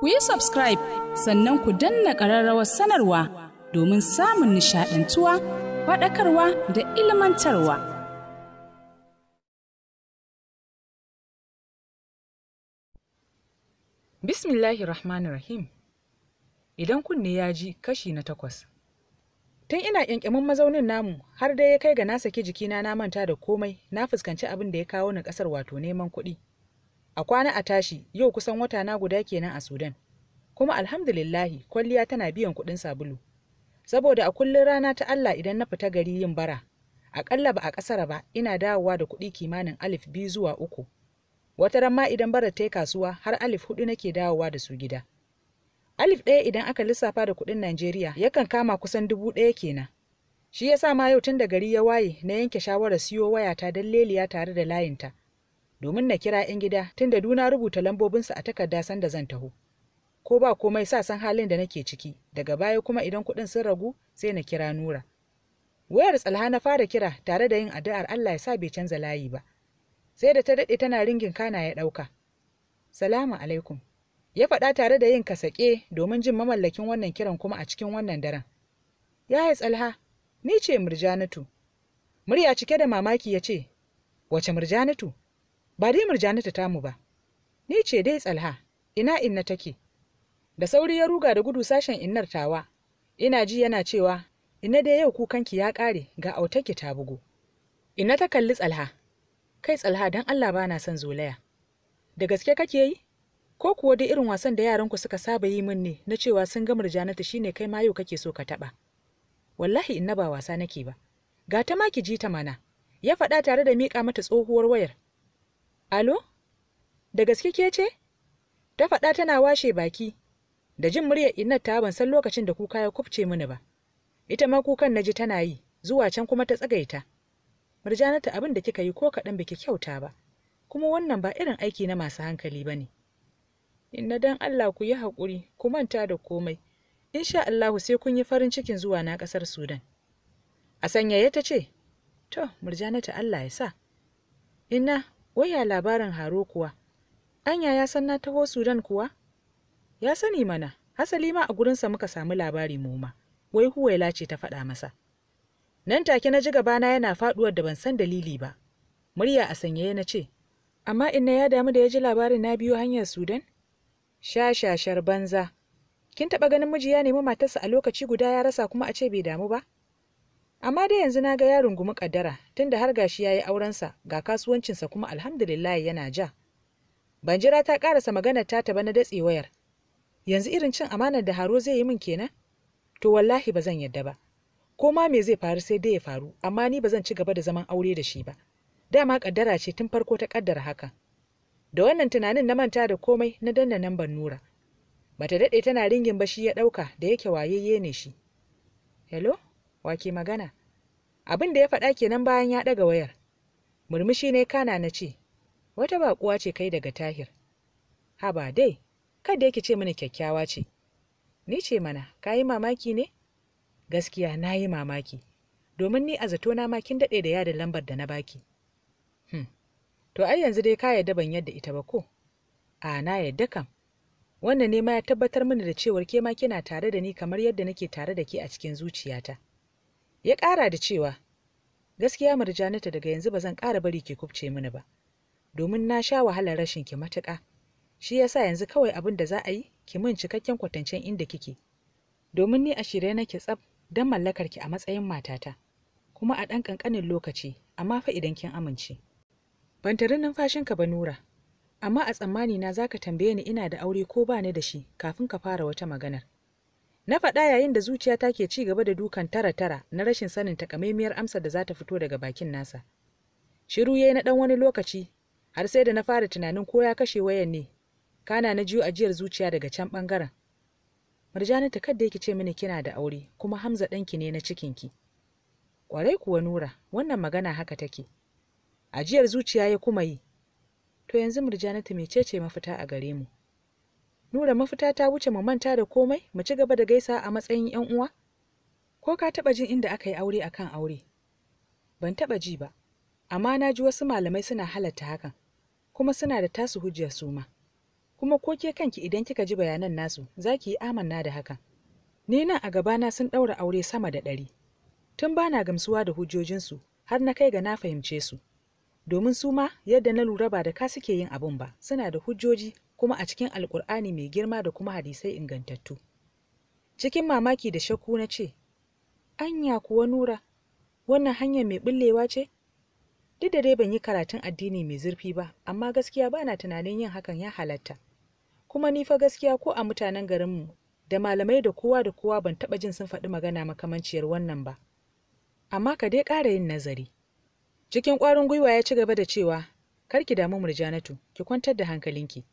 ku yi subscribe sannan ku danna ƙararrawar sanarwa domin samun nishaɗantuwa faɗakarwa da ilmantarwa. Bismillahir Rahmanir Rahim Idan kunne ya ji kashi na takwas. Tun ina ƙyanƙyamin mazaunin namu har dai ya kai ga na saki jikina na manta da komai na fuskanci abin da ya kawo ni ƙasar wato neman kuɗi. a kwana a tashi yau kusan wata na guda kenan a sudan kuma alhamdulillahi kwalliya tana biyan kuɗin sabulu saboda a kullun rana ta allah idan na fita gari yin bara aƙalla ba a ƙasar ba ina dawowa da kuɗi kimanin alif biyu zuwa uku wata ran ma idan bara ta yi kasuwa har alif hudu nake dawowa da su gida alif ɗaya idan aka lissafa da kuɗin najeriya yakan kama kusan dubu ɗaya kenan shi yasa ma yau tun da gari ya waye na yanke shawarar siyo wayata don leliya tare da layinta domin na kira 'yan gida tun da duna rubuta lambobinsu a takarda sanda zan taho ko ba komai sa san halin da nake ciki daga baya kuma idan kuɗin sun ragu sai na kira nura wayar tsalha na fara kira tare da yin addu'ar allah ya sa bai canza layi ba sai da ta daɗe tana ringin kana ya ɗauka salamu alaikum ya faɗa tare da yin kasaƙe domin jin mamallakin wannan kiran kuma a cikin wannan daren ya yi tsalha ni ce murjanatu murya cike da mamaki ya ce wace murjanatu ba dai murjani ta tamu ba ni ce dai tsalha ina inna take da sauri ya ruga da gudu sashen innar tawa ina ji yana cewa ina dai yau kukan ki ya ƙare ga autaki ta bugu Ina ta kalli tsalha kai tsalha don allah ba na son zolaya da gaske kake yi ko kuwa dai irin wasan da yaranku suka saba yi min ne na cewa sun ga murjanata shine kai ma yau kake so ka taɓa wallahi inna ba wasa nake ba ga ta ma ki ji ta mana ya faɗa tare da miƙa mata tsohuwar wayar Alo? Da gaske ke ce? Ta faɗa tana washe baki. Da jin muryar innar ta ban san lokacin da kuka ya kufce mini ba. Ita ma kukan na ji tana yi, zuwa can kuma ta tsagaita. Murjanata abin da kika yi ko kaɗan biki kyauta ba. Kuma wannan ba irin aiki na masu hankali ba ne. Inna dan Allah ku yi haƙuri, ku manta da komai. in sha Allahu sai kun yi farin cikin zuwa na ƙasar Sudan. A sanyaye ta ce, To, murjanata Allah ya sa. Inna, Waya labarin Haro kuwa? Anya ya san na taho Sudan kuwa? Ya sani mana, hasali ma a gurinsa muka samu labari muma, Wai Huwaila ce ta faɗa masa. Nan take na ji gabana yana faɗuwar da ban san dalili ba. Murya a sanyaye na ce, Amma inna ya damu da ya ji labarin na biyu hanyar Sudan? Shashashar banza. Kin taɓa ganin mijiya ya nemi matarsa a lokaci guda ya rasa kuma a ce bai damu ba? amma dai yanzu na ga ya rungumi kaddara tunda har gashi ya yi aurensa ga kasuwancinsa kuma alhamdulillah yana ja ban jira ta karasa maganar ta ba na datse wayar yanzu irin cin amanar da haro zai yi min kenan to wallahi ba zan yadda ba ko ma me zai faru sai dai ya faru amma ni bazan ci gaba da zaman aure da shi ba dama kaddara ce tun farko ta kaddara haka da wannan tunanin na manta da komai na danna namban nura bata dade tana ringin ba shi ya dauka da yake wayayye ne shi hello wa ke magana abin da ya faɗa kenan bayan ya ɗaga wayar murmushi ne kana na ce wata baƙuwa ce kai daga tahir haba dai kada yake ce mini kyakkyawa ce ni ce mana ka yi mamaki ne gaskiya na yi mamaki domin ni a zato na makin daɗe da yadin lambar da na baki hmm. to ai yanzu dai ka yarda ban yadda ita ba ko a na yadda kam wannan ne ma ya tabbatar mini da cewar ke ma kina tare da ni kamar yadda nake tare da ke a cikin zuciyata ya ƙara da cewa gaskiya murjanata daga yanzu ba zan ƙara bari ki kubce mini ba domin na sha wahalar rashin ki matuƙa shi yasa yanzu kawai abin da za a yi ki min cikakken kwatancen inda kike domin ni a shirye nake tsab, don mallakar ki a matsayin matata kuma a ɗan ƙanƙanin lokaci amma fa idan kin amince ban tari numfashinka ba nura amma a tsammani na zaka tambaye ni ina da aure ko ba ni da shi kafin ka fara wata maganar na faɗa yayin da zuciyata ke ci gaba da dukan tara tara na rashin sanin takamaimiyar amsa da za ta fito daga bakin nasa shiru yi na ɗan wani lokaci har sai da na fara tunanin ko ya kashe wayan ne kana na jiyo ajiyar zuciya daga can ɓangaren Murjani ta kadda yake ce mini kina da aure kuma Hamza ɗanki ne na cikinki. Kwarai kuwa Nura, wannan magana haka take. Ajiyar zuciya ya kuma yi. To yanzu Murjani ta mecece mafita a gare mu? Nura mafita ta wuce mu manta da komai mu ci gaba da gaisa a matsayin 'yan uwa? Ko ka taɓa jin inda aka yi aure akan aure? Ban taɓa ji ba, amma na ji wasu malamai suna halatta hakan, kuma suna da tasu hujja su ma. Kuma ko ke kanki idan kika ji bayanan nasu, za ki yi amanna da hakan. Ni nan a gabana sun ɗaura aure sama da ɗari. Tun ba na gamsuwa da hujjojinsu har na kai ga na fahimce su. Domin su ma yadda na lura ba da ka suke yin abun ba, suna da hujjoji kuma a cikin alkur'ani mai girma da kuma hadisai ingantattu cikin mamaki da shakku na ce anya kuwa nura wannan hanya mai bullewa ce duk da dai ban yi karatun addini mai zurfi ba amma gaskiya bana tunanin yin hakan ya halatta kuma ni fa gaskiya ko a mutanen garinmu da malamai da kowa da kowa ban taɓa jin sun faɗi magana makamanciyar wannan ba amma ka dai ƙara yin nazari cikin ƙwarin gwiwa ya ci gaba da cewa kar ki damu murjanatu ki kwantar da hankalinki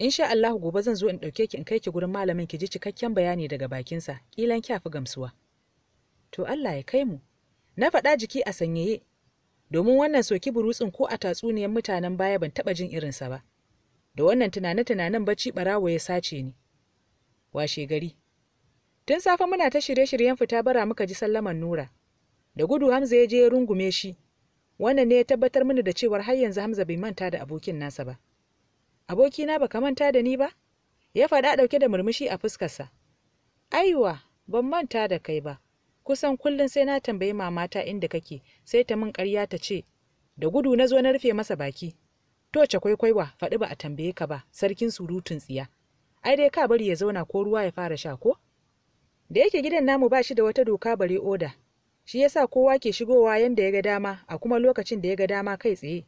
insha Allah gobe zan zo in ɗauke ki in kai ki gurin malamin ki ji cikakken bayani daga bakinsa kilan kya fi gamsuwa to Allah ya kai mu na faɗa jiki a sanyaye domin wannan soki burutsin ko a tatsuniyar mutanen baya ban taɓa jin irinsa ba da wannan tunane-tunanen bacci barawo ya sace ni washe gari tun safe muna ta shirye-shiryen fita bara muka ji sallaman nura da gudu hamza ya je ya rungume shi wannan ne ya tabbatar mini da cewar har yanzu hamza bai manta da abokin nasa ba abokina ba baka manta da ni ba ya faɗa ɗauke da murmushi a fuskarsa aiwa ban manta da kai ba kusan kullum sai na tambayi mamata inda kake sai ta min ƙarya ta ce da gudu na zo na rufe masa baki To ce kwaikwaiwa faɗi ba a tambaye ka ba sarkin surutun tsiya ai dai ka bari ya zauna ko ruwa ya fara sha ko da yake gidan namu ba shi da wata doka bare oda shi yasa kowa ke shigowa yanda ya ga dama a kuma lokacin da ya ga dama kai tsaye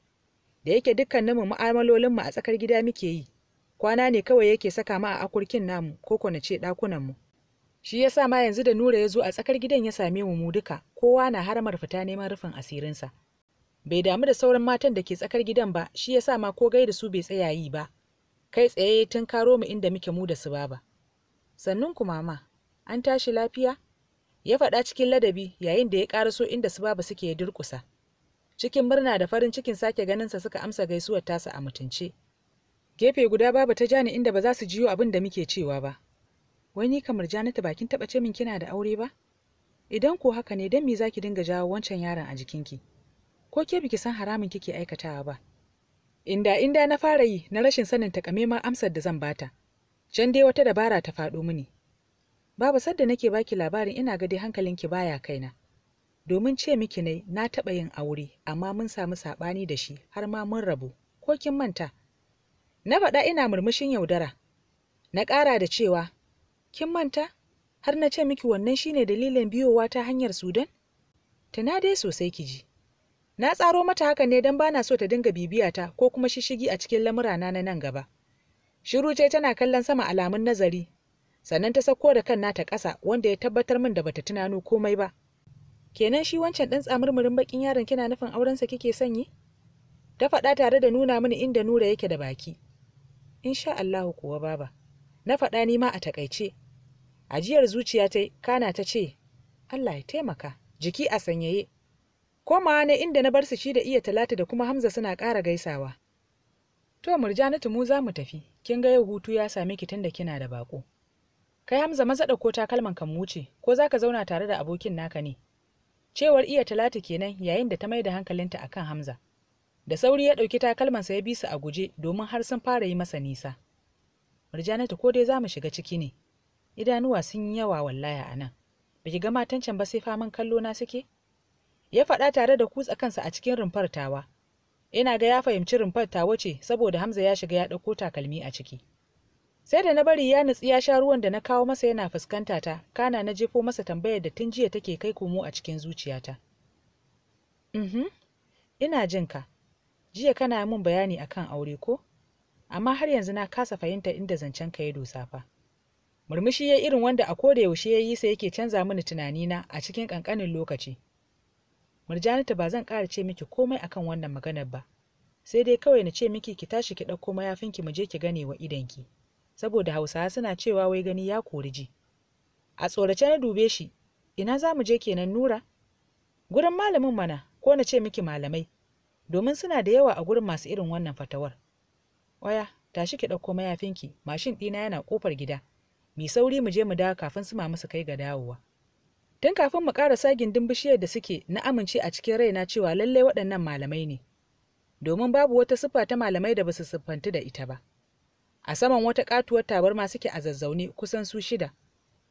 da yake dukkanin mu mu'amalolin mu a tsakar gida muke yi kwana ne kawai yake saka mu a akurkin namu ko kwana ce dakunan mu shi yasa ma yanzu da Nura ya zo a tsakar gidan ya same mu mu duka kowa na haramar fita neman rufin asirinsa bai damu da sauran matan da ke tsakar gidan ba shi yasa ma ko gaida su bai tsaya yi ba kai tsaye tun karo mu inda muke mu da su baba sannun ku mama an tashi lafiya ya faɗa cikin ladabi yayin da ya ƙaraso inda su baba suke ya durƙusa cikin murna da farin cikin sake ganinsa suka amsa gaisuwar tasa a mutunce gefe guda babu ta jani inda ba za su jiyo abin da muke cewa ba wai ni kamar janata bakin taɓa ce min kina da aure ba idan ko haka ne dan me zaki dinga jawo wancan yaron a jikinki ko ke biki san haramin kike aikatawa ba inda inda na fara yi na rashin sanin takamaiman amsar da zan bata can dai wata dabara ta faɗo mini babu sadda nake baki labarin ina ga dai hankalinki baya kaina Domin ce miki nai na taɓa yin aure amma mun samu saɓani da shi har ma mun rabu, ko kin manta? Na faɗa ina murmushin yaudara. Na ƙara da cewa, kin manta? Har na ce miki wannan shine dalilin biyowa ta hanyar Sudan? Tana dai sosai ki ji. Na tsaro mata haka ne don bana so ta dinga bibiyata ko kuma shishigi a cikin lamurana na nan gaba. Shiru ce tana kallon sama alamun nazari, sannan ta sauko da kan nata ƙasa wanda ya tabbatar min da bata tunano komai ba. kenan shi wancan ɗan tsamurmurin bakin yaron kina nufin aurensa kike sanyi ta faɗa tare da nuna mini inda nura yake da baki insha Allah kuwa baba na faɗa ni ma a takaice ajiyar zuciya ta kana ta ce Allah ya taimaka jiki a sanyaye komawa ne inda na bar su shi da iya talata da kuma hamza suna ƙara gaisawa to murjanatu mu za mu tafi kin ga yau hutu ya same ki tunda kina da bako kai hamza maza ko takalman kan wuce ko zaka zauna tare da abokin naka ne cewar iya talata kenan yayin da ta mai da hankalinta kan hamza da sauri ya ɗauki takalmansa ya bi su a guje domin har sun fara yi masa nisa murjanatu ko dai za mu shiga ciki ne idanuwa sun yi yawa wallaya a nan ba ga matan can ba sai faman kallo na suke ya faɗa tare da kutsa kansa a cikin rumfar tawa ina ga ya fahimci rumfar tawa ce saboda hamza ya shiga ya ɗauko takalmi a ciki sai da na bari ya nutsi ya sha ruwan da na kawo masa yana fuskanta ta kana na jefo masa tambayar da tun jiya take kai komo a cikin zuciyata mhm ina jin ka jiya kana min bayani akan aure ko amma har yanzu na kasa fahimta inda zancen ka ya dosa fa murmushi ya irin wanda a koda yaushe ya yi sai yake canza mini tunanina a cikin kankanin lokaci murjanatu ba zan ƙara ce miki komai akan wannan maganar ba sai dai kawai na ce miki ki tashi ki ɗauko mayafinki mu je ki gane wa idanki saboda hausawa suna cewa wai gani ya kori ji a tsorace na dube shi ina za mu je kenan nura gurin malamin mana ko na ce miki malamai domin suna da yawa a gurin masu irin wannan fatawar waya tashi ki ɗauko mayafinki mashin ɗina yana ƙofar gida mi sauri mu je mu dawo kafin su mamu su kai ga dawowa tun kafin mu ƙarasa gindin bishiyar da suke na amince a cikin raina cewa lallai waɗannan malamai ne domin babu wata siffa ta malamai da ba su siffanti da ita ba a saman wata katuwar tabarma suke a zazzaune kusan su shida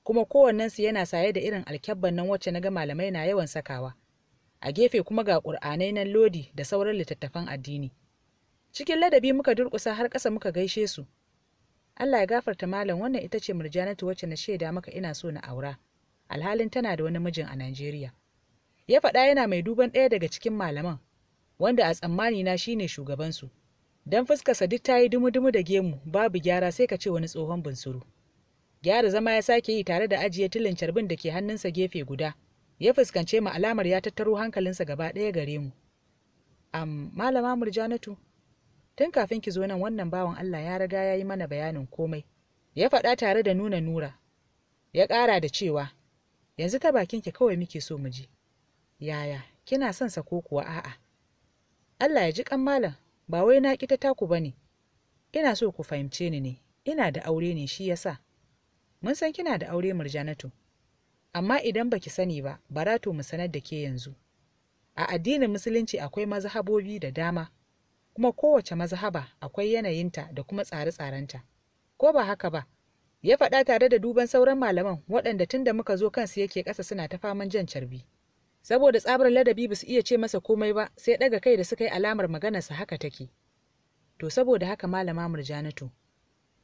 kuma kowannensu yana saye da irin alkyabban nan wacce na ga malamai na yawan sakawa a gefe kuma ga ƙur'anai nan lodi da sauran littattafan addini cikin ladabi muka durƙusa har ƙasa muka gaishe su Allah ya gafarta malam wannan ita ce murjanatu wacce na shaida maka ina so na aura alhalin tana da wani mijin a Najeriya ya faɗa yana mai duban ɗaya daga cikin malaman wanda a tsammani na shine shugabansu don fuskarsa duk ta yi dumu-dumu da gemu babu gyara sai ka ce wani tsohon bunsuru gyara zama ya sake yi tare da ajiye tilin carbin da ke hannunsa gefe guda ya fuskance mu alamar ya tattaro hankalinsa gaba ɗaya gare mu am malama murjanatu tun kafin ki zo nan wannan bawan allah ya riga ya yi mana bayanin komai ya faɗa tare da nuna nura ya ƙara da cewa yanzu ta bakin ki, kawai muke so mu ji yaya kina son sa ko kuwa a'a Allah ya ji kan malam ba wai na ƙi ta taku ba ne ina so ku fahimce ni ne ina da aure ne shi ya sa. mun san kina da aure murjanatu amma idan baki sani ba barato mu sanar da ke yanzu a addinin musulunci akwai mazhabobi da dama kuma kowace mazhaba akwai yanayinta da kuma tsare-tsarenta ko ba haka ba ya faɗa tare da duban sauran malaman waɗanda tun da muka zo kansu yake ƙasa suna ta faman jan carbi saboda tsabar ladabi ba su iya ce masa komai ba sai ɗaga kai da suka yi alamar maganarsa haka take to saboda haka malama murjanatu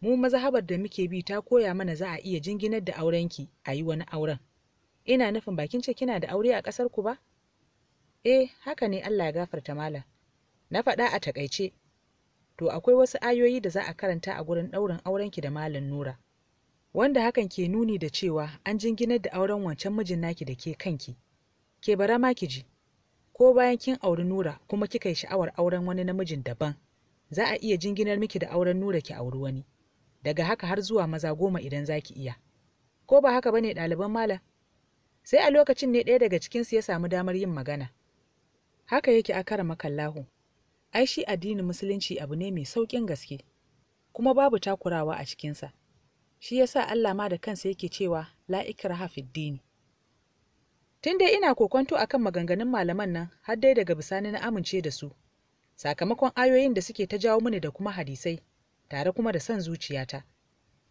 mu mazhabar da muke bi ta koya mana za a iya jinginar da aurenki a yi wani auren ina nufin bakin ce kina da aure a ƙasar ku ba eh haka ne Allah ya gafarta malam na faɗa a takaice to akwai wasu ayoyi da za a karanta a gurin ɗaurin aurenki da malam nura wanda hakan ke nuni da cewa an jinginar da auren wancan mijin naki da ke kanki ke bara ma ki ji ko bayan kin auri nura kuma kika yi sha'awar auren wani namijin daban za a iya jinginar miki da auren nura ki auri wani daga haka har zuwa maza goma idan za ki iya ko ba haka bane ɗaliban mala sai a lokacin ne ɗaya daga cikinsu ya samu damar yin magana haka yake a kara makallahu ai shi addinin musulunci abu ne mai sauƙin gaske kuma babu takurawa a cikinsa shi yasa Allah ma da kansa yake cewa la ikraha dini tun dai ina kokonto kan maganganun malaman nan har dai daga bisani na amince da su sakamakon ayoyin da suke ta jawo mini da kuma hadisai tare kuma da son zuciyata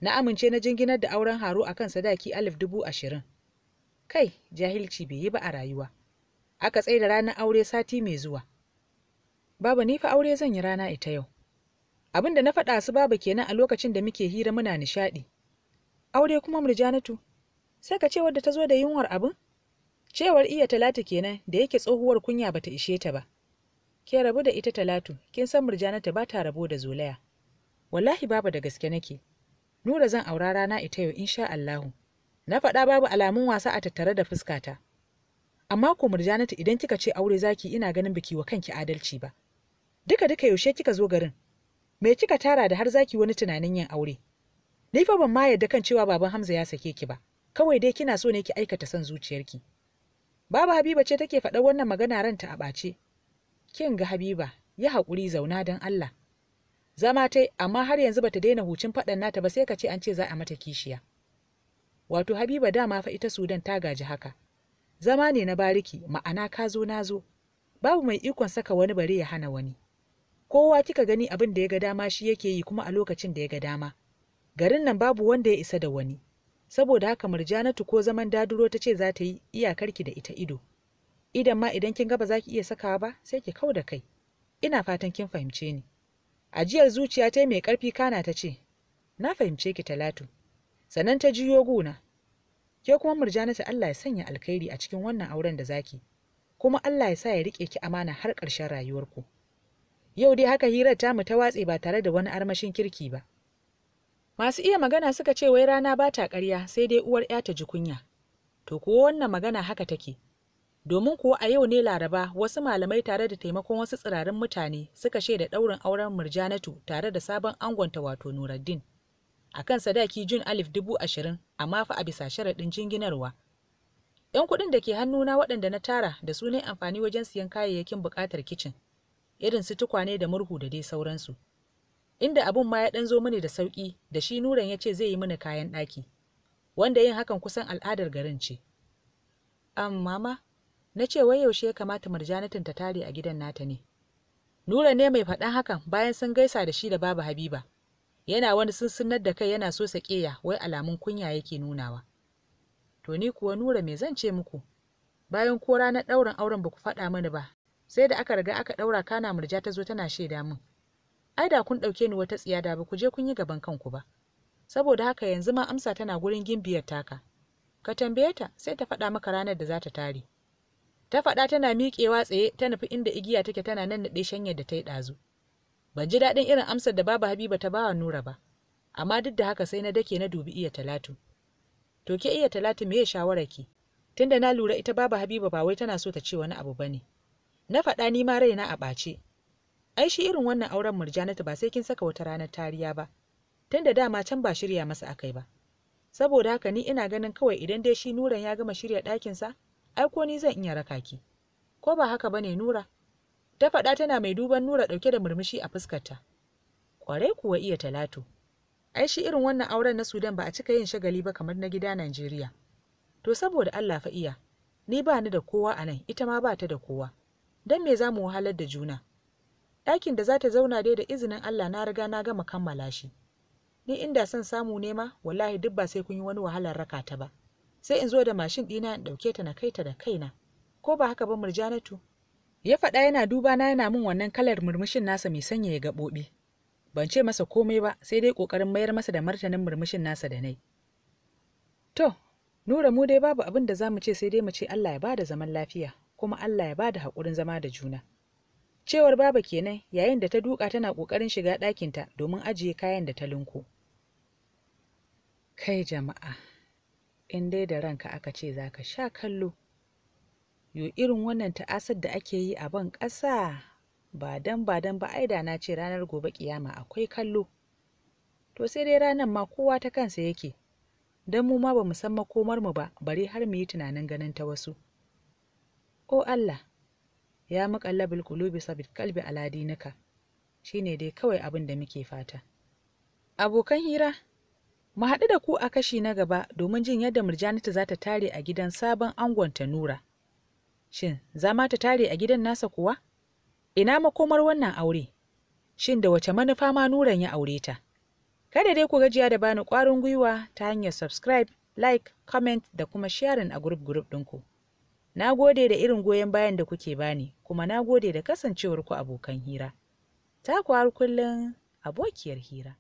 na amince na jinginar da auren haro kan sadaki alif dubu ashirin kai jahilci bai yi ba a rayuwa aka tsaye da ranar aure sati mai zuwa babu ni fa aure zan yi rana ita yau abin da na faɗa su baba kenan a lokacin da muke hira muna nishaɗi aure kuma murjanatu sai ka ce wadda ta zo da yunwar abin cewar iya talatu kenan da yake tsohuwar kunya bata ishe ta ba ke rabu da ita talatu kin san murjanata ba ta rabo da zolaya wallahi babu da gaske nake nura zan aura rana ita yau insha Allahu na faɗa babu alamun wasa a tattare da fuskata amma ko murjanatu idan kika ce aure zaki ina ganin biki wa kanki adalci ba duka duka yaushe kika zo garin me kika tara da har zaki wani tunanin yin aure ni fa ban ma yarda kan cewa baban Hamza ya sake ki ba kawai dai kina so ne ki aikata son zuciyarki Baba Habiba ce take faɗa wannan magana ranta a ɓace. Kin ga Habiba, ya haƙuri zauna don Allah. Zama ta amma har yanzu bata daina hucin faɗan nata ba sai ka ce an ce za a mata kishiya. Wato Habiba dama fa ita Sudan ta gaji haka. Zama ne na bariki, ma'ana ka zo na zo. Babu mai ikon saka wani bari ya hana wani. Kowa kika gani abin da ya ga dama shi yake yi kuma a lokacin da ya ga dama. Garin nan babu wanda ya isa da wani. saboda haka murjanatu ko zaman daduro ta ce za ta yi iyakar ki da ita ido idan ma idan kin ga ba za ki iya sakawa ba sai ki kau da kai ina fatan kin fahimce ni ajiyar zuciya ta mai karfi kana ta ce na fahimce ki talatu sannan ta jiyo guna ke kuma murjanatu Allah ya sanya alkhairi a cikin wannan auren da zaki kuma Allah ya sa ya rike ki amana har ƙarshen rayuwarku yau dai haka hirar tamu ta watse ba tare da wani armashin kirki ba masu iya magana suka ce wai rana ba ta ƙarya sai dai uwar ya ta ji kunya to kuwa wannan magana haka take domin kuwa a yau ne laraba wasu malamai tare da taimakon wasu tsirarin mutane suka shaida ɗaurin auren murjanatu tare da sabon angonta wato nuraddin a kan sadaki jun alif dubu ashirin amma fa a bisa sharaɗin jinginarwa yan kuɗin da ke hannuna waɗanda na tara da su ne amfani wajen siyan kayayyakin buƙatar kicin irin su tukwane da murhu da dai sauransu inda abun ma ya ɗan zo mini da sauƙi da shi nuran ya ce zai yi mini kayan ɗaki wanda yin hakan kusan al'adar garin ce am mama na ce wai yaushe ya kamata marjanatin ta tare a gidan nata ne nura ne mai faɗan hakan bayan sun gaisa da shi da babu habiba yana wani sunsunar da kai yana so saƙeya, wai alamun kunya yake nunawa to ni kuwa nura me zan ce muku bayan ko ranar ɗaurin auren ba ku faɗa mani ba sai da aka riga aka ɗaura kana murja ta zo tana shaida min ai da kun ɗauke ni wata tsiyada da ba ku je kun yi gaban kanku ba saboda haka yanzu ma amsa tana gurin gimbiyar taka ka tambaye ta sai ta faɗa maka ranar da za ta tare ta faɗa tana miƙewa tsaye ta nufi inda igiya take tana nan naɗe shanyar da ta yi ɗazu ban ji daɗin irin amsar da baba habiba ta bawa nura ba amma duk da haka sai na dake na dubi iya talatu to ke iya talatu me ya shawara ki tunda na lura ita baba habiba ba wai tana so ta ce wani abu bane na faɗa ni ma raina a ɓace ai shi irin wannan auren murjanatu ba sai kin saka wata ranar tariya ba tunda dama can ba shirya masa akai ba saboda haka ni ina ganin kawai idan dai shi nuran ya gama shirya ɗakinsa ai ko ni zan iya raka ki ko ba haka bane nura ta faɗa tana mai duban nura ɗauke da murmushi a fuskar ta kwarai kuwa iya talatu ai shi irin wannan auren na sudan ba a cika yin shagali ba kamar na gida najeriya to saboda allah fa iya ni ba ni da kowa a nan ita ma ba ta da kowa don me za mu wahalar da juna ɗakin da za ta zauna dai da izinin Allah na riga na gama kammala shi ni inda son samu ne ma wallahi duk ba sai kun yi wani wahalar raka ta ba sai in zo da mashin ɗina in ɗauke ta na kai ta da kaina ko ba haka ba murjanatu ya faɗa yana duba na yana min wannan kalar murmushin nasa mai sanya ya gaɓoɓi ban ce masa komai ba sai dai ƙoƙarin mayar masa da martanin murmushin nasa da nai to nura mu dai babu abin da za mu ce sai dai mu ce Allah ya bada zaman lafiya kuma Allah ya bada haƙurin zama da juna cewar baba kenan yayin da ta duka tana kokarin shiga ɗakinta domin ajiye kayan da ta linko kai jama'a in dai da ranka aka ce za ka sha kallo yo irin wannan ta'asar da ake yi a ban ƙasa ba dan ba dan ba aida na ce ranar gobe kiyama akwai kallo to sai dai ranar ma kowa ta kansa yake dan mu ma bamu san makomar mu ba bari har mu yi tunanin ganin ta wasu o Allah ya muqallabul qulubi sabit kalbi ala Shi ne dai kawai abin da muke fata abokan hira mu haɗu da ku a kashi na gaba domin jin yadda murjanatu za ta tare a gidan sabon angon ta nura shin za ma ta tare a gidan nasa kuwa ina makomar wannan aure shin da wace manufa ma nuran ya aure ta kada dai ku gajiya da bani ƙwarin gwiwa ta hanyar subscribe like comment da kuma sharing a group group ɗinku. Na gode da irin goyon bayan da kuke bani, kuma na gode da kasancewarku abokan hira. Ta har kullum abokiyar hira.